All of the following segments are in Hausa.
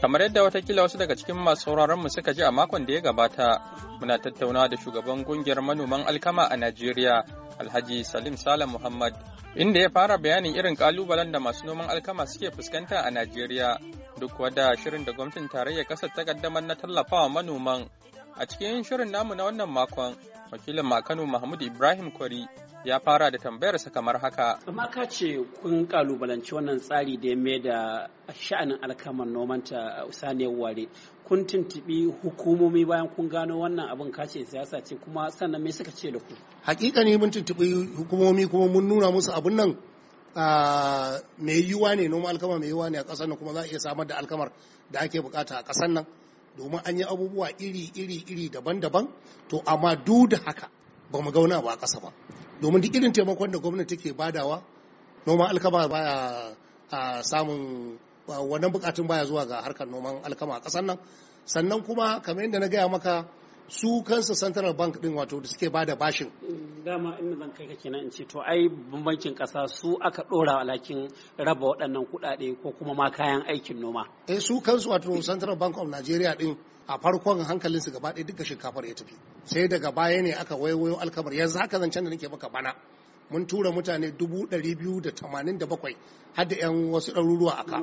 Kamar yadda watakila wasu daga cikin masu mu suka ji a makon da ya gabata, muna tattauna da shugaban kungiyar manoman alkama a Najeriya, Alhaji Salim Salam Muhammad, inda ya fara bayanin irin kalubalen da masu noman alkama suke fuskanta a Najeriya, duk wada shirin da gwamnatin tarayyar kasar ta kaddamar na tallafawa manoman A cikin shirin namu na wannan makon, wakilin Makano Mahmud Ibrahim Kwari ya fara da tambayarsa kamar haka. Amma ka ce kun kalubalanci wannan tsari da ya da sha'anin alkaman nomanta saniyar ware. Kun tuntubi hukumomi bayan kun gano wannan abin ka ce siyasa ce kuma sannan me suka ce da ku? Hakika ne mun tuntubi hukumomi kuma mun nuna musu abin nan mai yiwuwa ne noma alkama mai yiwuwa ne a ƙasar nan kuma za a iya samar da alkamar da ake bukata a ƙasar nan. domin an yi abubuwa iri iri iri daban-daban to amma duk da haka ba mu gauna ba a ƙasa ba domin duk irin taimakon da gwamnati take badawa noman alkama baya a samun wannan bukatun baya zuwa ga harkar noman alkama a ƙasar nan sannan kuma kamar yadda na gaya maka su kansa central bank din wato da suke bada bashin dama inda zan kai kake nan in ce to ai bankin kasa su aka dora alakin raba waɗannan kuɗaɗe ko kuma ma kayan aikin noma eh su kansu wato central bank of nigeria din a farkon su gaba ɗaya duka shinkafar ya tafi sai daga baya ne aka waiwayo alkamar yanzu haka zancen da nake maka bana mun tura mutane 287 hadda 'yan wasu ɗaruruwa a ka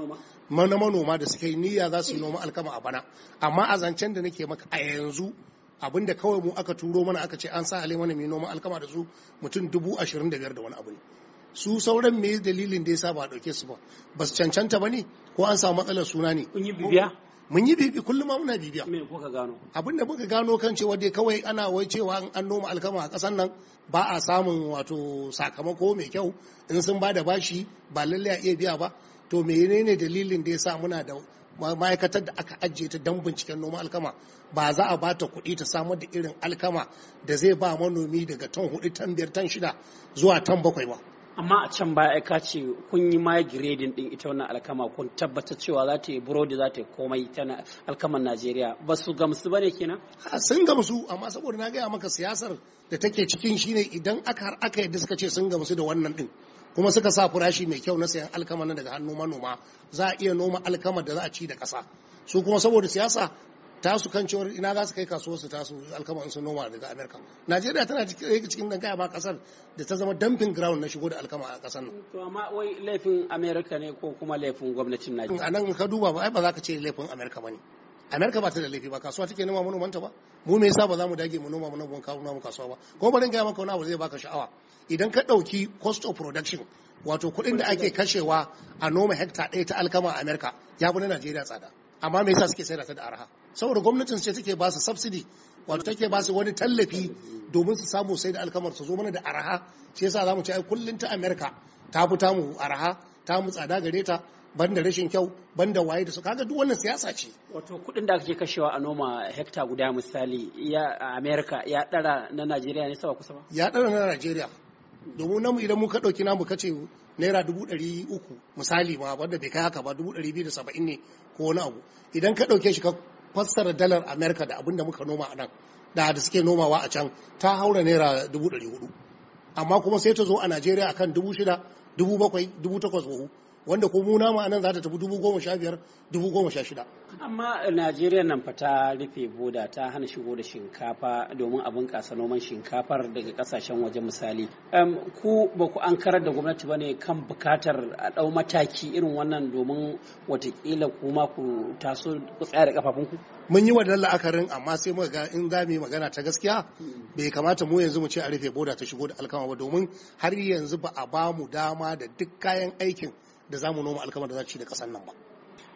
manoma da suka yi niyya za su noma alkama a bana amma a zancen da nake maka a yanzu abinda kawai mu aka turo mana aka ce an sa hale mana mai noma alkama da su mutum dubu ashirin da biyar da wani abu ne su sauran me dalilin da ya sa ba a ɗauke su ba ba su cancanta ba ne ko an samu matsalar suna ne kun yi bibiya mun yi bibi kullum ma muna bibiya me abin da muka gano kan cewa dai kawai ana wai cewa an noma alkama a ƙasar nan ba a samun wato sakamako mai kyau in sun ba da bashi ba lallai a iya biya ba to menene dalilin da ya sa muna da ma'aikatar da aka ajiye ta don binciken noman alkama ba za a bata kuɗi ta samar da irin alkama da zai ba manomi daga tan hudu tan biyar tan shida zuwa tan bakwai ba amma a can baya ka ce kun yi ma giredin din ita wannan alkama kun tabbata cewa za ta yi burodi za ta yi komai tana alkaman najeriya ba su gamsu ba ne kenan sun gamsu amma saboda na gaya maka siyasar da take cikin ne idan aka har aka yadda suka ce sun gamsu da wannan din kuma suka sa furashi mai kyau na sayan alkama na daga hannu manoma za a iya noma alkama da za a ci da ƙasa su kuma saboda siyasa tasu kan cewar ina za su kai kasuwar su tasu alkama sun noma daga amerika najeriya tana cikin dan kaya ba kasar da ta zama dumping ground na shigo da alkama a kasar nan to laifin amerika ne ko kuma laifin gwamnatin najeriya anan ka duba ba ai za ka ce laifin amerika bane amerika ba ta da laifi ba kasuwa take noma ta ba mu me yasa ba za mu dage mu noma mu nan mu kasuwa ba ko bari ga maka wani abu zai baka sha'awa idan ka dauki cost of production wato kuɗin da ake kashewa a noma hekta ɗaya ta alkama a amerika ya fi na najeriya tsada amma me yasa suke sayar da arha saboda gwamnatin ce take ba su subsidy wato take ba su wani tallafi domin su samu sai da alkamar su zo mana da araha shi yasa zamu ci ai kullun ta America ta fi tamu arha ta mu tsada gare ta banda rashin kyau banda waye da su kaga duk wannan siyasa ce wato kudin da ake kashewa a noma hekta guda misali ya a America ya dara na Najeriya ne sawa kusa ba ya dara na Najeriya domin namu idan muka dauki namu kace naira dubu ɗari uku misali ba wanda bai kai haka ba dubu ɗari biyu da saba'in ne ko wani abu idan ka ɗauke shi ka fassara dalar amerika da abin da muka noma a nan da da suke nomawa a can ta haura naira dubu ɗari hudu amma kuma sai ta zo a najeriya akan dubu shida dubu bakwai dubu takwas wanda ko mu namu anan za ta tafi dubu goma sha biyar dubu goma sha shida. amma najeriya nan fa ta rufe boda ta hana shigo da shinkafa domin a bunƙasa noman shinkafar daga kasashen waje misali ku ba ku an karar da gwamnati ba ne kan bukatar a ɗau mataki irin wannan domin watakila kuma ku taso ku tsaya da kafafunku mun yi wannan la'akarin amma sai muka ga in za mu magana ta gaskiya bai kamata mu yanzu mu ce a rufe boda ta shigo da alkama ba domin har yanzu ba a ba mu dama da duk kayan aikin da za mu noma alkama da za ci da ƙasar nan ba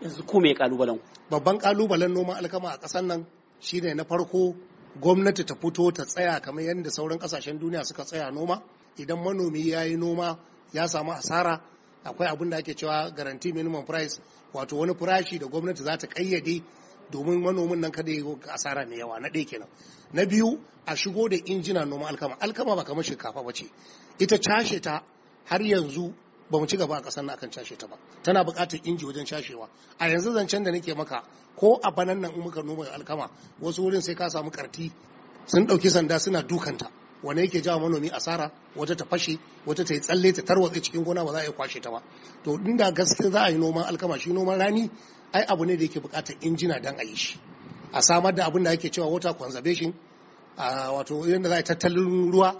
yanzu ko me kalubalen babban kalubalen noman alkama a ƙasar nan shine na farko gwamnati ta fito ta tsaya kamar yadda sauran ƙasashen duniya suka tsaya noma idan manomi ya yi noma ya samu asara akwai abin da ake cewa guarantee minimum price wato wani farashi da gwamnati za ta kayyade domin manomin nan kada ya yi asara mai yawa na ɗaya kenan na biyu a shigo da injina noma alkama alkama ba kamar shinkafa ba ce ita cashe ta har yanzu ba mu ci gaba a ƙasar na akan cashe ta ba tana buƙatar inji wajen cashewa a yanzu zancen da nake maka ko a banan nan in muka noma alkama wasu wurin sai ka samu karti sun ɗauki sanda suna dukanta wane yake jawo manomi asara wata ta fashe wata ta yi tsalle ta tarwatse cikin gona ba za a yi kwashe ta ba to inda gaske za a yi noman alkama shi noman rani ai abu ne da yake buƙatar injina don a yi shi a samar da abin da ake cewa water conservation wato yadda za a yi tattalin ruwa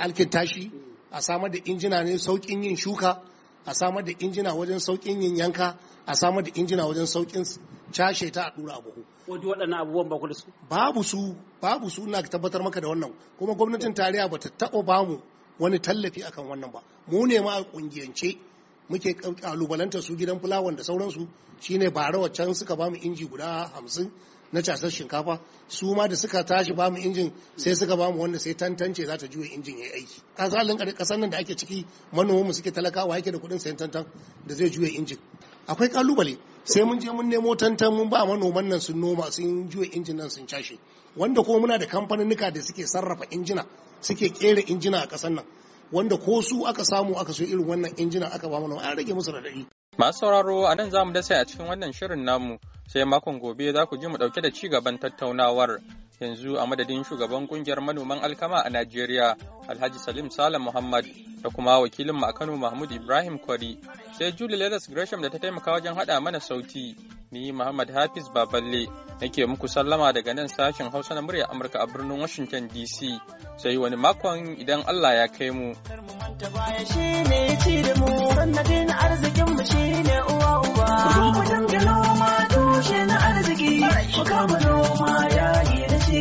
alkin tashi. Mm. a samar da injina ne sauƙin yin shuka a samar da injina wajen sauƙin yin yanka a samar da injina wajen sauƙin cashe ta a dura a buhu. Wato waɗannan abubuwan ba su? Babu su, babu su na tabbatar maka da wannan kuma gwamnatin tarayya ba ta taɓa bamu wani tallafi akan wannan ba. Mu ne ma a ƙungiyance muke kalubalanta su gidan fulawan da sauransu shine bara waccan suka bamu inji guda hamsin na casar shinkafa su ma da suka tashi ba mu injin sai suka ba mu wanda sai tantance za ta juya injin yayi aiki kasalin kasar nan da ake ciki manomanmu suke talakawa yake da kudin sayan tantan da zai juya injin akwai kalubale sai mun je mun nemo tantan mun ba manoman nan sun noma sun juya injin nan sun cashe wanda kuma muna da kamfaninnika da suke sarrafa injina suke kera injina a kasar nan wanda ko su aka samu aka so irin wannan injina aka ba manoma an rage musu radadi Masu sauraro a nan za mu dasa a cikin wannan shirin namu sai makon gobe za ku ji mu ɗauke da ci gaban tattaunawar. Yanzu a madadin shugaban ƙungiyar manoman alkama a Najeriya, Alhaji Salim Salam Muhammad da kuma wakilin a Kano Mahmud Ibrahim Kwari, sai Julie lelas Gresham da ta taimaka wajen haɗa mana sauti. Ni Muhammad Hafiz Baballe nake muku sallama daga nan sashen Hausa na murya Amurka a birnin Washington DC. Sai wani makon idan Allah ya kai mu. ta baya shi ne arzikin mu shi ne uwa uba na arziki ku kama noma yayi na ci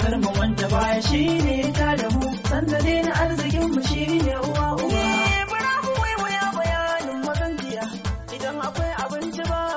kar mu baya shi ne ta arzikin mu shi ne uwa uba eh, ne bayanin idan akwai abinci ba